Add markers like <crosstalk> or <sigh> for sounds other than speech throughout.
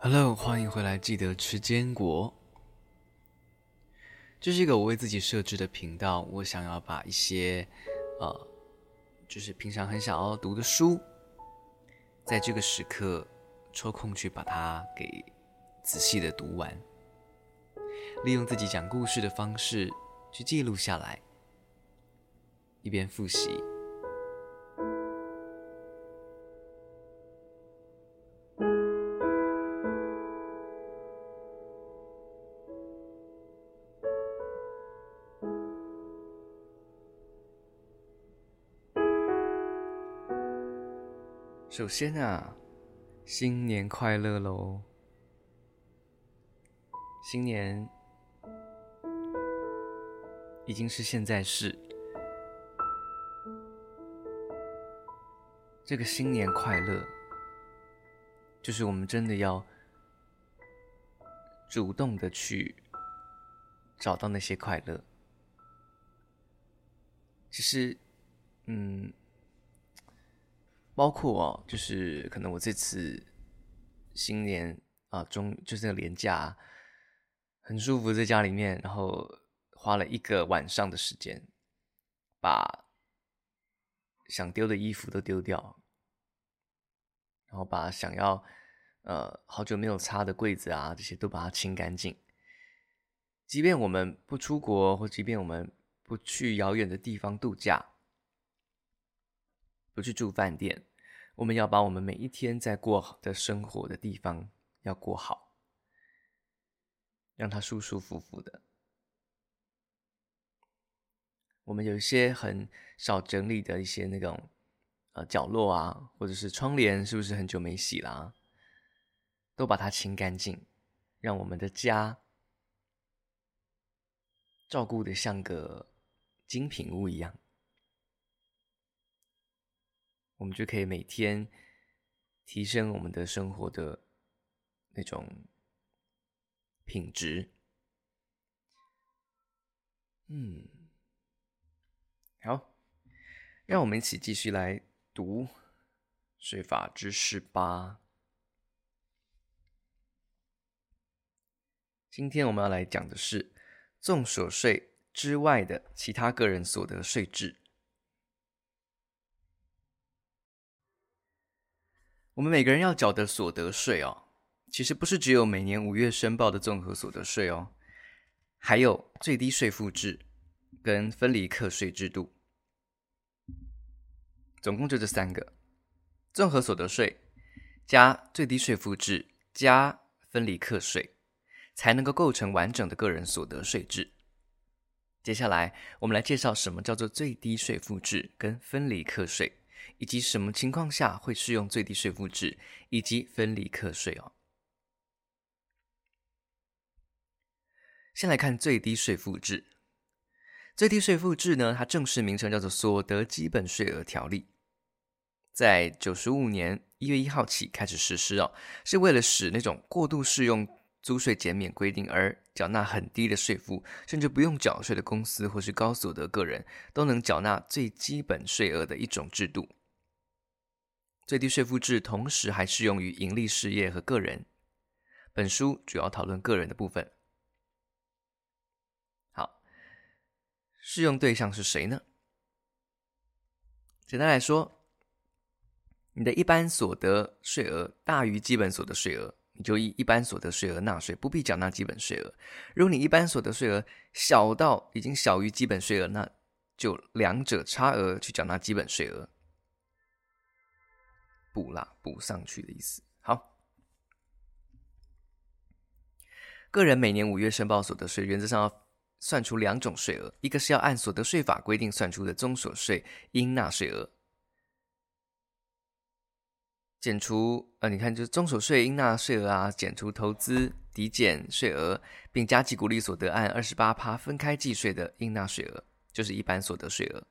Hello，歡迎回來。記得吃堅果。這是一個我為自己設置的頻道，我想要把一些，呃，就是平常很想要讀的書，在這個時刻抽空去把它給仔細的讀完，利用自己講故事的方式去記錄下來，一邊複習。首先啊，新年快樂嘍！新年已經是現在是。這個新年快樂，就是我們真的要主動的去找到那些快樂。其實，嗯。包括哦，就是可能我這次新年啊、呃、中就是那個年假，很舒服在家裡面，然後花了一個晚上的時間，把想丟的衣服都丟掉，然後把想要呃好久沒有擦的櫃子啊這些都把它清乾淨。即便我們不出國，或即便我們不去遙遠的地方度假，不去住飯店。我們要把我們每一天在過的生活的地方要過好，讓它舒舒服服的。我們有一些很少整理的一些那種，呃，角落啊，或者是窗簾，是不是很久沒洗了啊？都把它清乾淨，讓我們的家照顧得像個精品屋一樣。我們就可以每天提升我們的生活的那種品質。嗯，好，讓我們一起繼續來讀稅法知識吧。今天我們要來講的是，綜所稅之外的其他個人所得稅制。我們每個人要繳的所得稅哦，其實不是只有每年五月申報的綜合所得稅哦，還有最低稅負制跟分離課稅制度，總共就這三個，綜合所得稅加最低稅負制加分離課稅，才能夠構成完整的個人所得稅制。接下來我們來介紹什麼叫做最低稅負制跟分離課稅。以及什麼情況下會適用最低稅負制，以及分離課稅哦。先來看最低稅負制，最低稅負制呢，它正式名稱叫做《所得基本稅額條例》，在九十五年一月一號起開始實施哦，是為了使那種過度適用。租稅減免規定而繳納很低的稅負，甚至不用繳稅的公司或是高所得個人，都能繳納最基本稅額的一種制度。最低稅負制同時還適用於營利事業和個人。本書主要討論個人的部分。好，適用對象是誰呢？簡單來說，你的一般所得稅額大於基本所得稅額。你就以一般所得稅額納稅，不必繳納基本稅額。如果你一般所得稅額小到已經小於基本稅額，那就兩者差額去繳納基本稅額，補啦補上去的意思。好，個人每年五月申報所得稅，原則上要算出兩種稅額，一個是要按所得稅法規定算出的綜所稅應納稅額。減除，呃，你看就是綜所稅應納稅額啊，減除投資抵減稅額，並加計鼓勵所得按二十八趴分開計稅的應納稅額，就是一般所得稅額。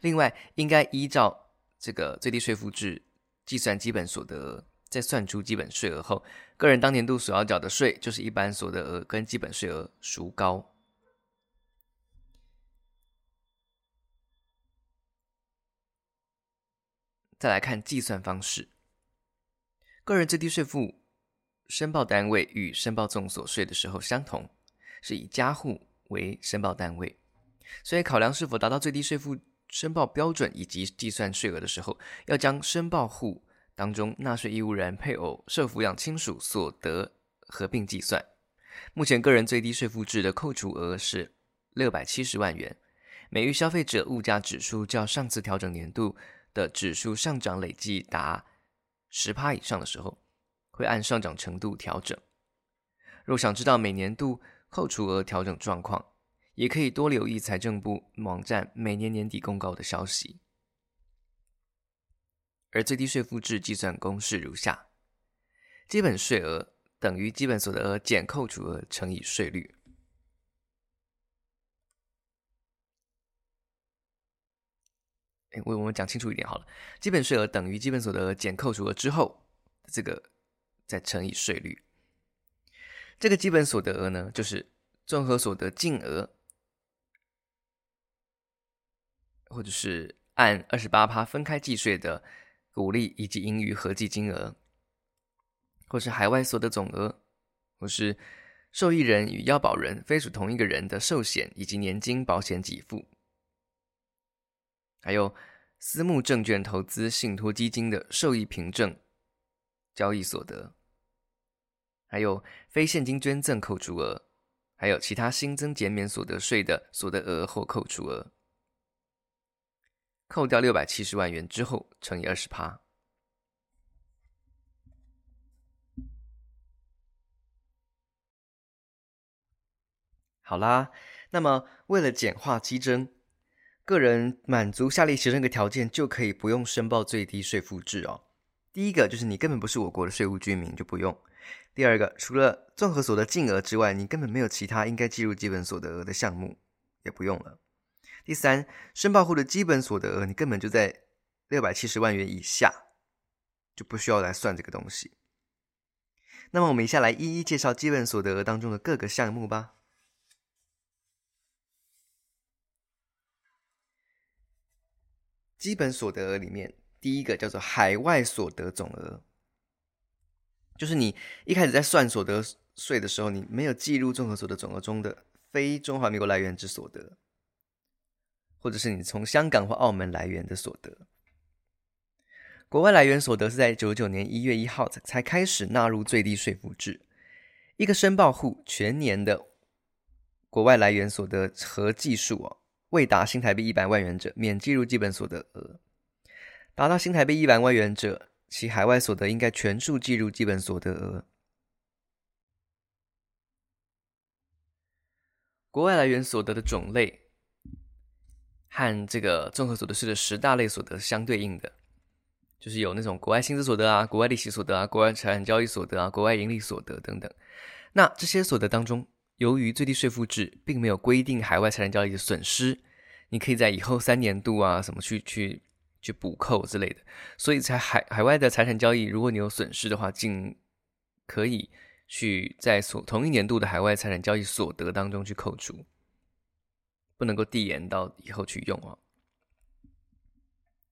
另外，應該依照這個最低稅負制計算基本所得額，再算出基本稅額後，個人當年度所要繳的稅就是一般所得稅額跟基本稅額孰高。再來看計算方式，個人最低稅負申報單位與申報綜所稅的時候相同，是以家戶為申報單位，所以考量，是否達到最低稅負申報標準以及計算稅額的時候，要將申報戶當中納稅義務人配偶、受撫養親屬所得合併計算。目前個人最低稅負制的扣除額是六百七十萬元，每遇消費者物價指數較上次調整年度。的指數上漲累計達十趴以上的時候，會按上漲程度調整。若想知道每年度扣除額調整狀況，也可以多留意財政部網站每年年底公告的消息。而最低稅負制計算公式如下：基本稅額等於基本所得額減扣除額乘以稅率。為我們講清楚一點好了，基本稅額等於基本所得額減扣除額之後，這個再乘以稅率。這個基本所得額呢，就是綜合所得淨額，或者是按二十八趴分開計稅的股利以及盈餘合計金額，或是海外所得總額，或是受益人與要保人非屬同一個人的壽險以及年金保險給付。還有私募證券投資信託基金的受益憑證交易所得，還有非現金捐贈扣除額，還有其他新增減免所得稅的所得額或扣除額，扣掉六百七十萬元之後乘以二十趴。好啦，那麼為了簡化計算個人滿足下列其中一個條件就可以不用申報最低稅負制哦。第一個就是你根本不是我國的稅務居民就不用；第二個，除了綜合所得淨額之外，你根本沒有其他應該計入基本所得額的項目，也不用了。第三，申報戶的基本所得額你根本就在六百七十萬元以下，就不需要來算這個東西。那麼我們一下來一一介紹基本所得額當中的各個項目吧。基本所得額裡面，第一個叫做海外所得總額，就是你一開始在算所得稅的時候，你沒有計入綜合所得總額中的非中華民國來源之所得，或者是你從香港或澳門來源的所得。國外來源所得是在九九年一月一號才開始納入最低稅負制，一個申報戶全年的國外來源所得合計數哦，未達新台幣一百萬元者，免計入基本所得額；達到新台幣一百萬元者，其海外所得應該全數計入基本所得額。國外來源所得的種類，和這個綜合所得稅的十大類所得相對應的，就是有那種國外薪資所得啊、國外利息所得啊、國外財產交易所得啊、國外盈利所得等等。那這些所得當中，由於最低稅負制並沒有規定海外財產交易的損失，你可以在以後三年度啊什麼去去去補扣之類的，所以在海海外的財產交易，如果你有損失的話，僅可以去在所同一年度的海外財產交易所得當中去扣除，不能夠遞延到以後去用哦、啊。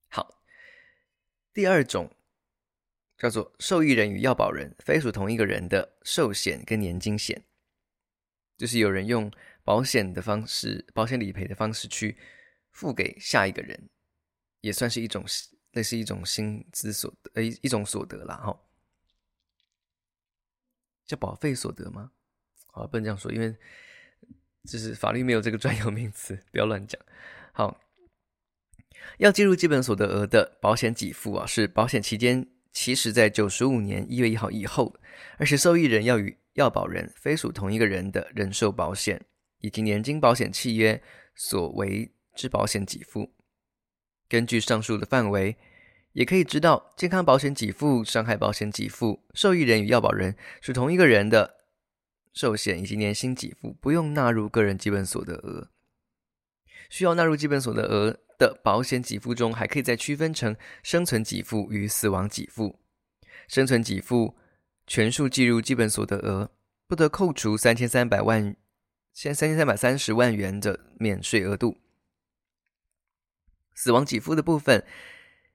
好，第二種叫做受益人與要保人非屬同一個人的壽險跟年金險。就是有人用保險的方式，保險理賠的方式去付給下一個人，也算是一種，那是一種薪資所得，呃，一種所得啦，哈，叫保費所得嗎？啊，不能這樣說，因為就是法律沒有這個專有名詞，不要亂講。好，要計入基本所得額的保險給付啊，是保險期間。其實，在九十五年一月一號以後，而且受益人要與要保人非屬同一個人的人壽保險以及年金保險契約所為之保險給付，根據上述的範圍，也可以知道健康保險給付、傷害保險給付、受益人與要保人屬同一個人的壽險以及年金給付，不用納入個人基本所得額，需要納入基本所得額。保險給付中還可以再區分成生存給付與死亡給付。生存給付全數計入基本所得額，不得扣除三千三百萬、現三千三百三十萬元的免稅額度。死亡給付的部分，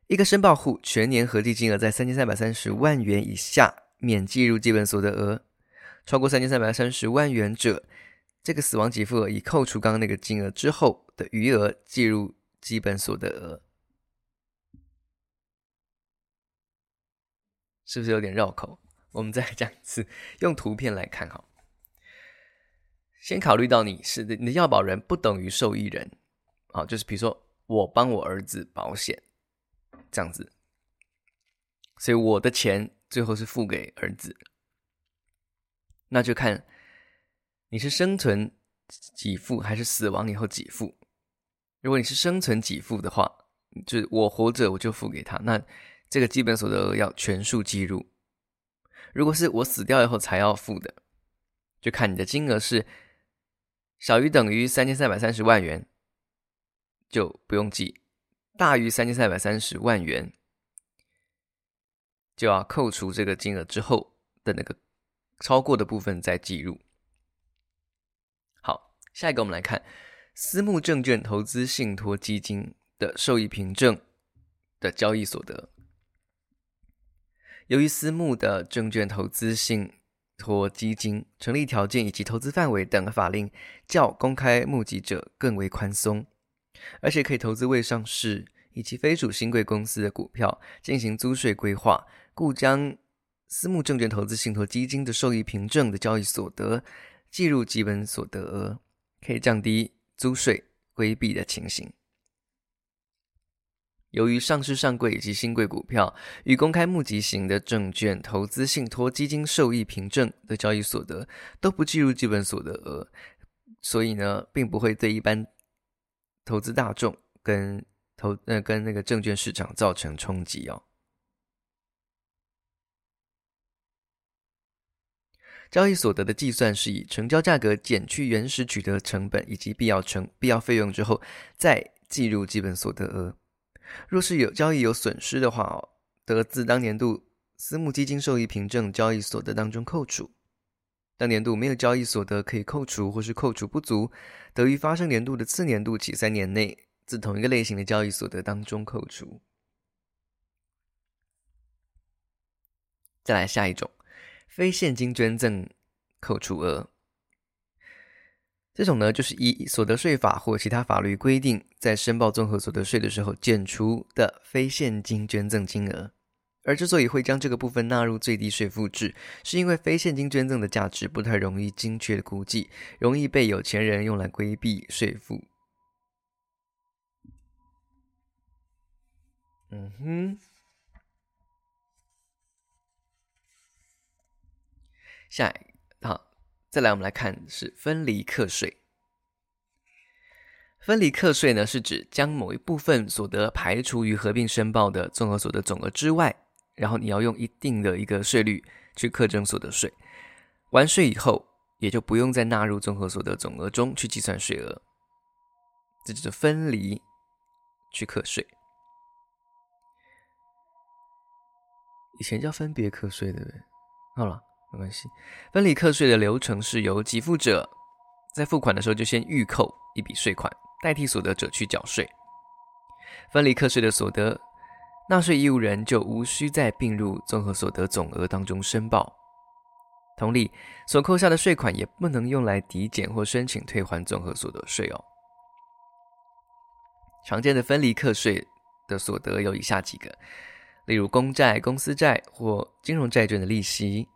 一個申報戶全年合計金額在三千三百三十萬元以下，免計入基本所得額；超過三千三百三十萬元者，這個死亡給付額已扣除剛剛那個金額之後的餘額計入。基本所得額是不是有點繞口？我們再這樣子，用圖片來看哈。先考慮到你是你的要保人不等於受益人，啊，就是比如說我幫我兒子保險這樣子，所以我的錢最後是付給兒子，那就看你是生存給付還是死亡以後給付。如果你是生存給付的話，就是我活着我就付給他，那這個基本所得額要全數計入。如果是我死掉以後才要付的，就看你的金額是小於等於三千三百三十萬元，就不用計；大於三千三百三十萬元，就要扣除這個金額之後的那個超過的部分再計入。好，下一個我們來看。私募證券投資信託基金的受益憑證的交易所得，由於私募的證券投資信託基金成立條件以及投資範圍等的法令較公開募集者更為寬鬆，而且可以投資未上市以及非屬興櫃公司的股票進行租稅規劃，故將私募證券投資信託基金的受益憑證的交易所得計入基本所得額，可以降低。租稅規避的情形。由於上市上櫃以及興櫃股票與公開募集型的證券投資信託基金受益憑證的交易所得都不計入基本所得額，所以呢，並不會對一般投資大眾跟投，呃，跟那個證券市場造成衝擊哦。交易所得的計算是以成交價格減去原始取得成本以及必要成必要費用之後，再計入基本所得額。若是有交易有損失的話哦，得自當年度私募基金受益憑證交易所得當中扣除。當年度沒有交易所得可以扣除，或是扣除不足，得於發生年度的次年度起三年內，自同一個類型的交易所得當中扣除。再來下一種。非現金捐贈扣除額，這種呢，就是以所得稅法或其他法律規定，在申報綜合所得稅的時候減除的非現金捐贈金額。而之所以會將這個部分納入最低稅負制，是因為非現金捐贈的價值不太容易精確的估計，容易被有錢人用來規避稅負。嗯哼。下一個好，再來我們來看是分離課稅。分離課稅呢，是指將某一部分所得排除於合併申報的綜合所得總額之外，然後你要用一定的一個稅率去課徵所得稅，完稅以後也就不用再納入綜合所得總額中去計算稅額，這就是分離去課稅。以前叫分別課稅，對不對？好了。沒關係，分離課稅的流程是由給付者在付款的時候就先預扣一筆稅款，代替所得者去繳稅。分離課稅的所得，納稅義務人就無需再併入綜合所得總額當中申報。同理，所扣下的稅款也不能用來抵減或申請退還綜合所得稅哦，常見的分離課稅的所得有以下幾個，例如公債、公司債或金融債券的利息。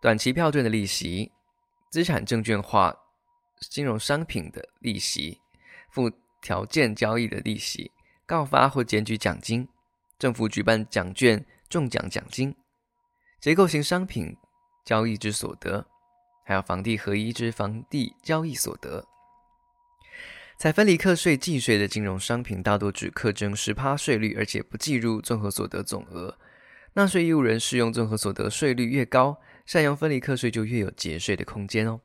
短期票券的利息、資產證券化、金融商品的利息、附條件交易的利息、告發或檢舉獎金、政府舉辦獎券中獎獎金、結構型商品交易之所得，還有房地合一之房地交易所得。採分離課稅計稅的金融商品，大多只課徵十趴稅率，而且不計入綜合所得總額。納稅義務人適用綜合所得稅率越高，善用分離課稅，就越有節稅的空間哦。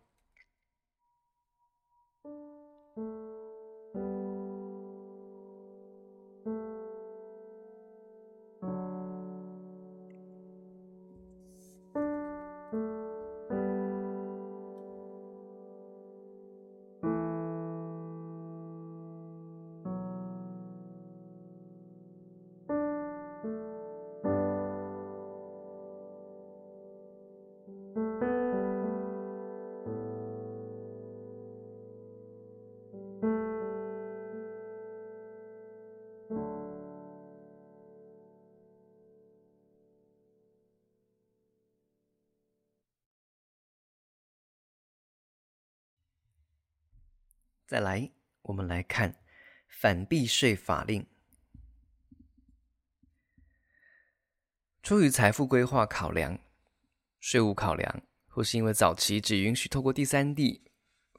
再來，我們來看反避稅法令。出於財富規劃考量、稅務考量，或是因為早期只允許透過第三地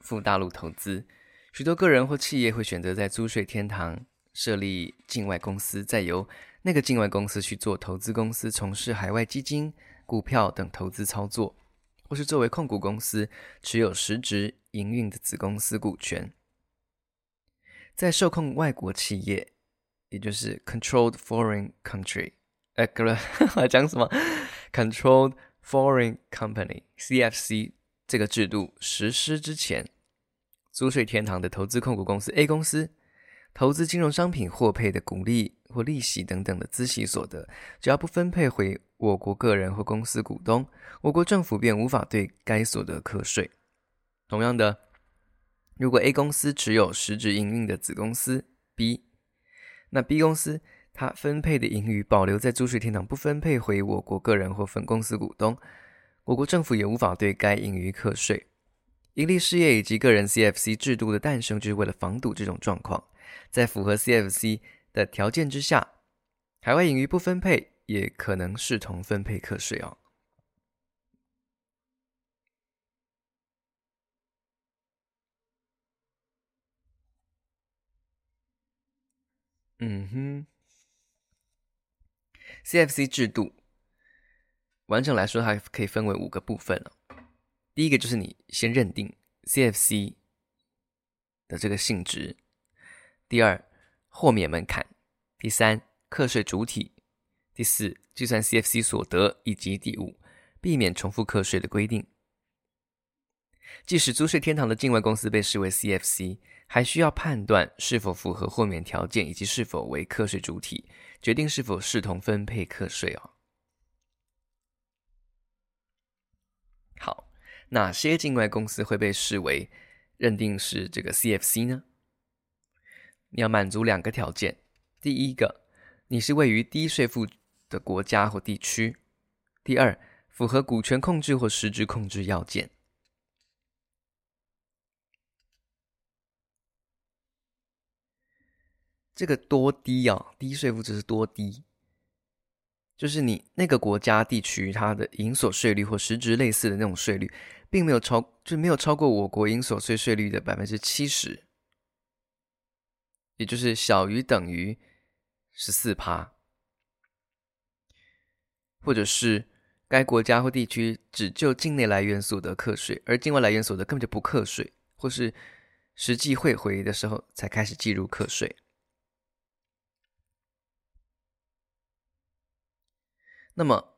赴大陸投資，許多個人或企業會選擇在租稅天堂設立境外公司，再由那個境外公司去做投資公司，從事海外基金、股票等投資操作。或是作為控股公司持有實質營運的子公司股權，在受控外國企業，也就是 Controlled Foreign Country，呃，錯了，講什麼？Controlled Foreign Company（CFC） 這個制度實施之前，租稅天堂的投資控股公司 A 公司。投資金融商品獲配的股利或利息等等的孳息所得，只要不分配回我國個人或公司股東，我國政府便無法對該所得課稅。同樣的，如果 A 公司持有實質營運的子公司 B，那 B 公司它分配的盈餘保留在租稅天堂，不分配回我國個人或分公司股東，我國政府也無法對該盈餘課稅。盈利事業以及個人 CFC 制度的誕生，就是為了防堵這種狀況。在符合 CFC 的條件之下，海外盈餘不分配也可能視同分配課稅哦。嗯哼，CFC 制度完整來說，它可以分為五個部分哦。第一個就是你先認定 CFC 的這個性質。第二，豁免門檻；第三，課稅主體；第四，計算 CFC 所得；以及第五，避免重複課稅的規定。即使租稅天堂的境外公司被視為 CFC，還需要判斷是否符合豁免條件，以及是否為課稅主體，決定是否視同分配課稅哦。好，哪些境外公司會被視為認定是這個 CFC 呢？你要滿足兩個條件：第一個，你是位於低稅負的國家或地區；第二，符合股權控制或實質控制要件。這個多低啊、哦？低稅負就是多低，就是你那個國家、地區它的營所稅率或實質類似的那種稅率，並沒有超，就是沒有超過我國營所稅稅率的百分之七十。也就是小於等於十四趴，或者是該國家或地區只就境內來源所得課稅，而境外來源所得根本就不課稅，或是實際匯回的時候才開始計入課稅。那麼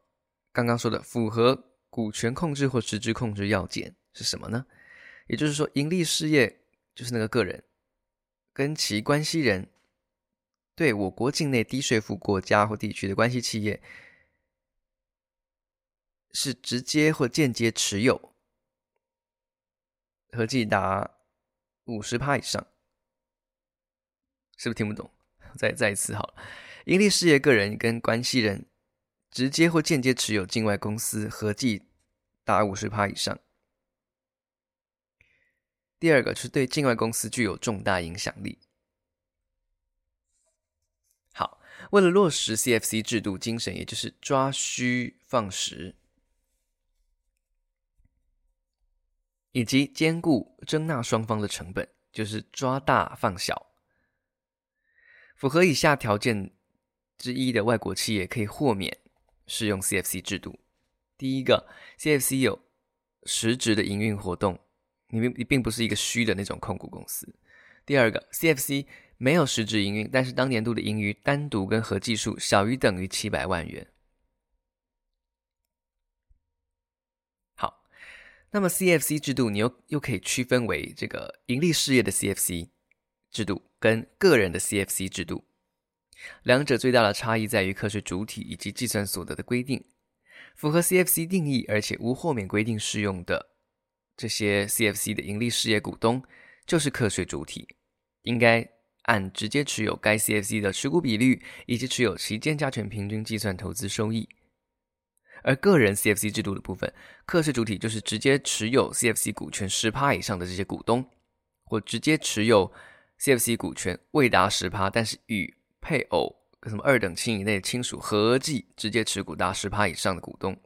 剛剛說的符合股權控制或實質控制要件是什麼呢？也就是說，盈利事業就是那個個人。跟其關係人對我國境內低稅負國家或地區的關係企業，是直接或間接持有合、合計達五十趴以上。是不是聽不懂？再再一次好了，盈利事業個人跟關係人直接或間接持有境外公司合計達五十趴以上。第二個是對境外公司具有重大影響力。好，為了落實 CFC 制度精神，也就是抓虛放實，以及兼顧徵納雙方的成本，就是抓大放小。符合以下條件之一的外國企業可以豁免適用 CFC 制度：第一個，CFC 有實質的營運活動。你並你並不是一個虛的那種控股公司。第二個，CFC 沒有實質營運，但是當年度的盈餘單獨跟合計數小於等於七百萬元。好，那麼 CFC 制度你又又可以區分為這個盈利事業的 CFC 制度跟個人的 CFC 制度，兩者最大的差異在於課稅主體以及計算所得的規定。符合 CFC 定義而且無豁免規定適用的，這些 CFC 的盈利事業股東就是課稅主體，應該按直接持有該 CFC 的持股比率，以及持有期間加權平均計算投資收益。而個人 CFC 制度的部分，課稅主體就是直接持有 CFC 股權十趴以上的這些股東，或直接持有 CFC 股權未達十趴，但是與配偶、什麼二等親以內的親屬合計直接持股達十趴以上的股東。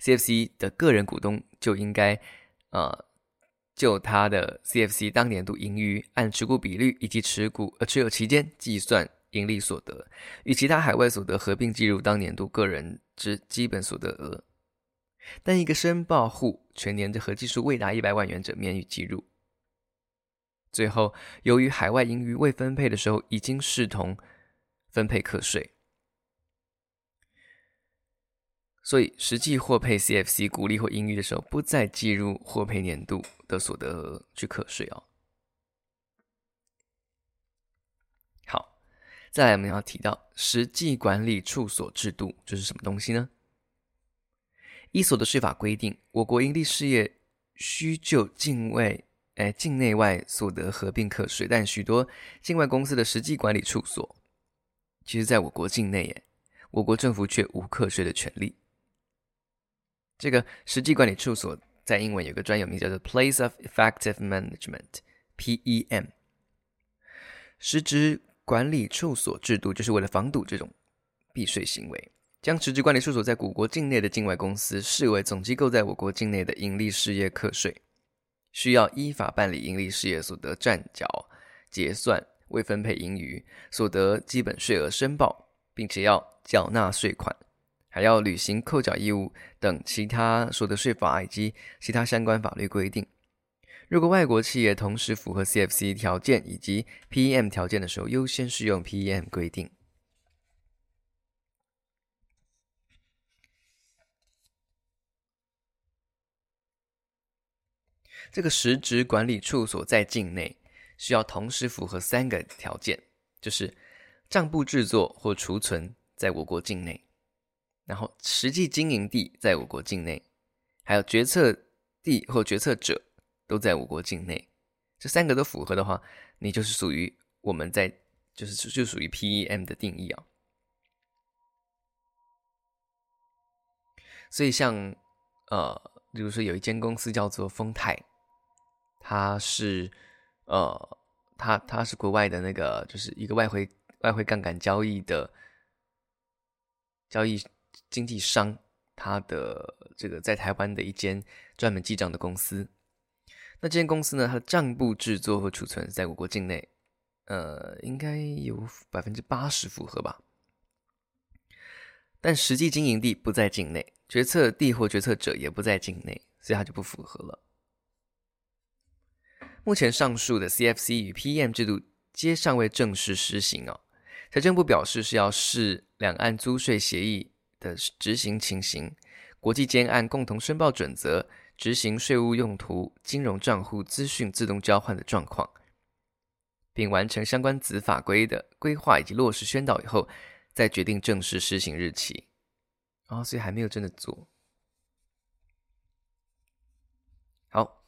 CFC 的個人股東就應該，呃，就他的 CFC 當年度盈餘按持股比率以及持股，呃，持有期間計算盈利所得，與其他海外所得合併計入當年度個人之基本所得額。但一個申報戶全年的合計數未達一百萬元者免予計入。最後，由於海外盈餘未分配的時候已經視同分配課稅。所以，實際獲配 CFC 股利或盈餘的時候，不再計入獲配年度的所得額去課稅哦。好，再來我們要提到實際管理處所制度，這是什麼東西呢？依所得稅法規定，我國營利事業需就境外、哎、境內外所得合併課稅，但許多境外公司的實際管理處所，其實在我國境內，耶，我國政府卻無課稅的權利。這個實際管理處所在英文有個專有名叫做 Place of Effective Management（P.E.M.）。實質管理處所制度就是為了防堵這種避稅行為，將實質管理處所在古國境內的境外公司視為總機構在我國境內的營利事業課稅，需要依法辦理營利事業所得暫繳、結算、未分配盈餘所得基本稅額申報，並且要繳納稅款。還要履行扣繳義務等其他所得稅法以及其他相關法律規定。如果外國企業同時符合 CFC 條件以及 PEM 條件的時候，優先適用 PEM 規定。這個實質管理處所在境內需要同時符合三個條件，就是賬簿製作或儲存在我國境內。然後，實際經營地在我國境內，還有決策地或決策者都在我國境內，這三個都符合的話，你就是屬於我們在就是就屬於 PEM 的定義啊、哦。所以像，像呃，比如說有一間公司叫做豐泰，它是呃，它它是國外的那個就是一個外匯外匯槓桿交易的交易經紀商，他的這個在台灣的一間專門記賬的公司，那這間公司呢，它的賬簿制作和儲存在我國境內，呃，應該有百分之八十符合吧。但實際經營地不在境內，決策地或決策者也不在境內，所以它就不符合了。目前上述的 CFC 與 PEM 制度皆尚未正式實行哦。財政部表示是要視兩岸租稅協議的執行情形，國際間按共同申報準則執行稅務用途、金融賬戶資訊自動交換的狀況，並完成相關子法規的規劃以及落實宣導以後，再決定正式施行日期。哦，所以還沒有真的做。好，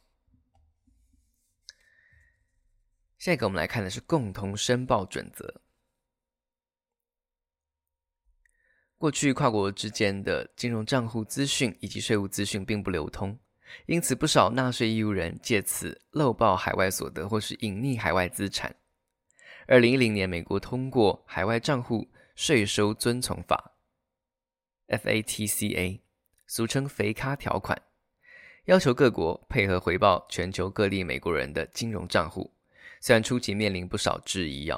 下一個我們來看的是共同申報準則。過去，跨國之間的金融賬戶資訊以及稅務資訊並不流通，因此不少納稅義務人借此漏報海外所得或是隱匿海外資產。二零一零年，美國通過《海外賬戶稅收遵從法》（FATCA），俗稱“肥咖條款”，要求各國配合回報全球各地美國人的金融賬戶，雖然初期面臨不少質疑，要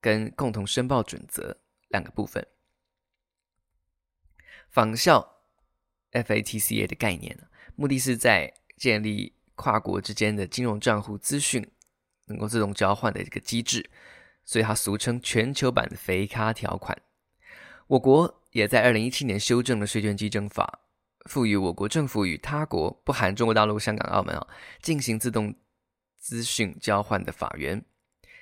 跟共同申報準則兩個部分，仿效 FATCA 的概念，目的是在建立跨國之間的金融賬戶資訊能夠自動交換的一個機制，所以它俗稱全球版的肥咖條款。我國也在二零一七年修正了稅捐稽徵法，賦予我國政府與他國（不含中國大陸、香港、澳門）啊，進行自動資訊交換的法源。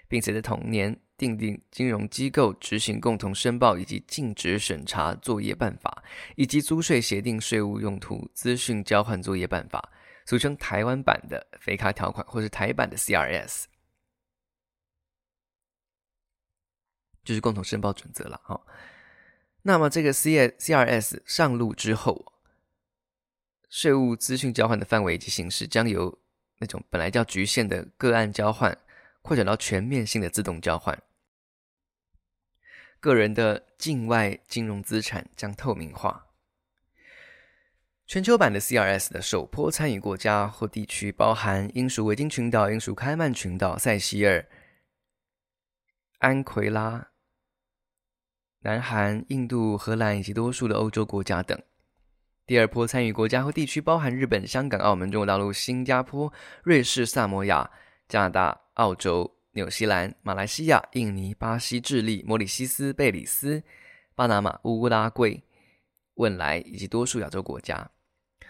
並且在同年訂定金融機構執行共同申報以及盡職審查作業辦法，以及租稅協定稅務用途資訊交換作業辦法，俗稱台灣版的肥卡條款，或是台版的 C R S，就是共同申報準則了。哈，那麼這個 C C R S 上路之後，稅務資訊交換的範圍以及形式將由那種本來較侷限的個案交換。擴展到全面性的自動交換，個人的境外金融資產將透明化。全球版的 CRS 的首波參與國家或地區包含英屬維京群島、英屬開曼群島、塞席爾、安圭拉、南韓、印度、荷蘭以及多數的歐洲國家等。第二波參與國家或地區包含日本、香港、澳門、中國大陸、新加坡、瑞士、薩摩亞、加拿大。澳洲、紐西蘭、馬來西亞、印尼、巴西、智利、模里西斯、貝里斯、巴拿馬、烏拉圭、汶萊以及多數亞洲國家。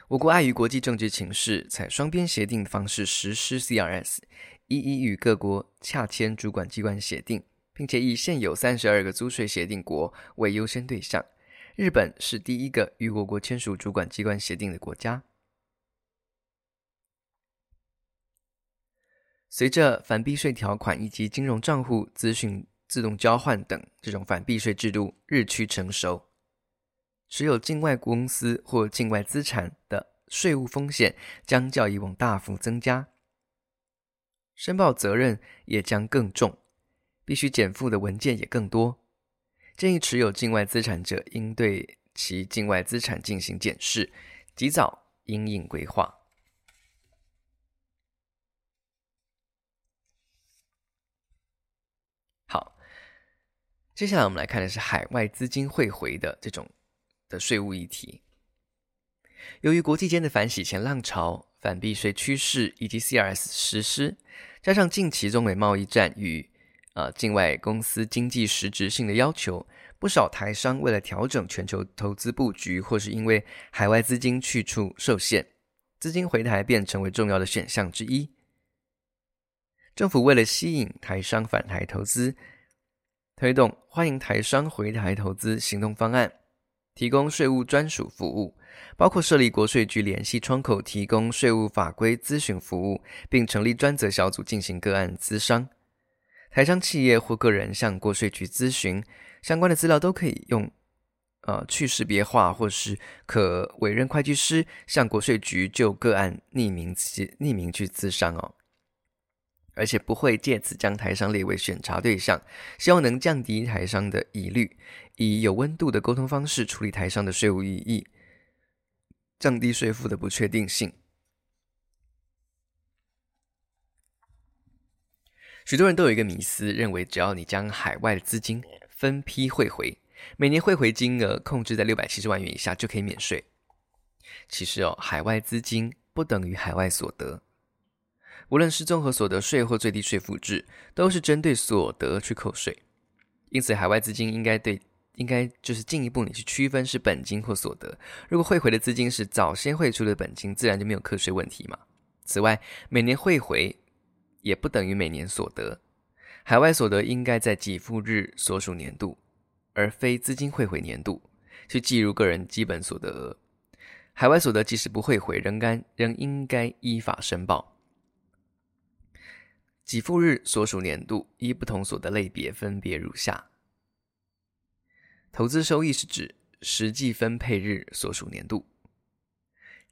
我國礙於國際政治情勢，採雙邊協定的方式實施 CRS，一一與各國洽簽主管機關協定，並且以現有三十二個租稅協定國為優先對象。日本是第一個與我國簽署主管機關協定的國家。隨着反避稅條款以及金融賬戶資訊自動交換等這種反避稅制度日趨成熟，持有境外公司或境外資產的稅務風險將較以往大幅增加，申報責任也將更重，必須檢附的文件也更多。建議持有境外資產者應對其境外資產進行檢視，及早因應規劃。接下來我們來看的是海外資金匯回的這種的稅務議題。由於國際間的反洗錢浪潮、反避稅趨勢以及 CRS 實施，加上近期中美貿易戰與，呃，境外公司經濟實質性的要求，不少台商為了調整全球投資佈局，或是因為海外資金去處受限，資金回台便成為重要的選項之一。政府為了吸引台商返台投資，推動歡迎台商回台投資行動方案，提供稅務專屬服務，包括設立國稅局聯繫窗口，提供稅務法規諮詢服務，並成立專責小組進行個案諮商。台商企業或個人向國稅局諮詢相關的資料都可以用，呃，去識別化，或是可委任會計師向國稅局就個案匿名匿名去諮商哦。而且不會借此將台商列為審查對象，希望能降低台商的疑慮，以有溫度的溝通方式處理台商的稅務異議，降低稅負的不確定性。許多人都有一個迷思，認為只要你將海外資金分批匯回，每年匯回金額控制在六百七十萬元以下就可以免稅。其實哦，海外資金不等於海外所得。無論是綜合所得稅或最低稅負制，都是針對所得去扣稅，因此海外資金應該對，應該就是進一步你去區分是本金或所得。如果匯回的資金是早先匯出的本金，自然就沒有課稅問題嘛。此外，每年匯回也不等於每年所得。海外所得應該在給付日所屬年度，而非資金匯回年度，去計入個人基本所得額。海外所得即使不匯回，仍該仍應該依法申報。給付日所屬年度依不同所得類別分別如下：投資收益是指實際分配日所屬年度；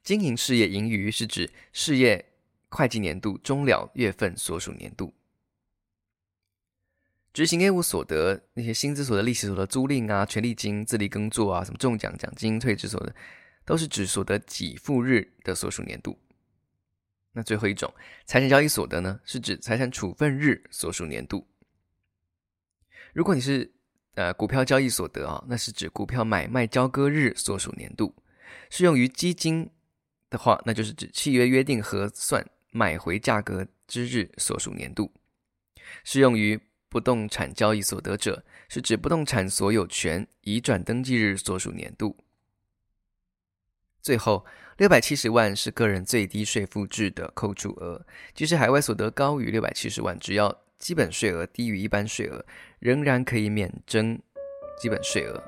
經營事業盈餘是指事業會計年度終了月份所屬年度；執行業務所得那些薪資所得、利息所得、租賃啊、權利金、自力耕作啊、什麼中獎獎金退職所得，都是指所得給付日的所屬年度。那最後一種財產交易所得呢，是指財產處分日所屬年度。如果你是呃股票交易所得啊，哦，那是指股票買賣交割日所屬年度。適用於基金的話，那就是指契約約定核算買回價格之日所屬年度。適用於不動產交易所得者，是指不動產所有權移轉登記日所屬年度。最後。六百七十萬是個人最低稅負制的扣除額。即使海外所得高於六百七十萬，只要基本稅額低於一般稅額，仍然可以免徵基本稅額。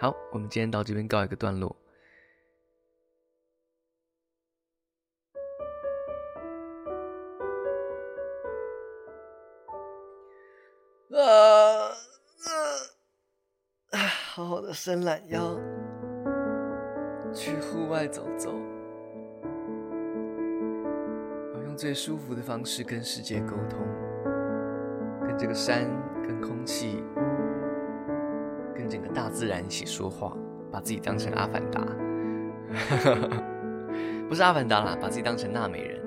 好，我們今天到這邊告一個段落。啊啊！好好的伸懶腰。去戶外走走，我用最舒服的方式跟世界溝通，跟這個山、跟空氣、跟整個大自然一起說話，把自己當成阿凡達， <laughs> 不是阿凡達啦，把自己當成納美人。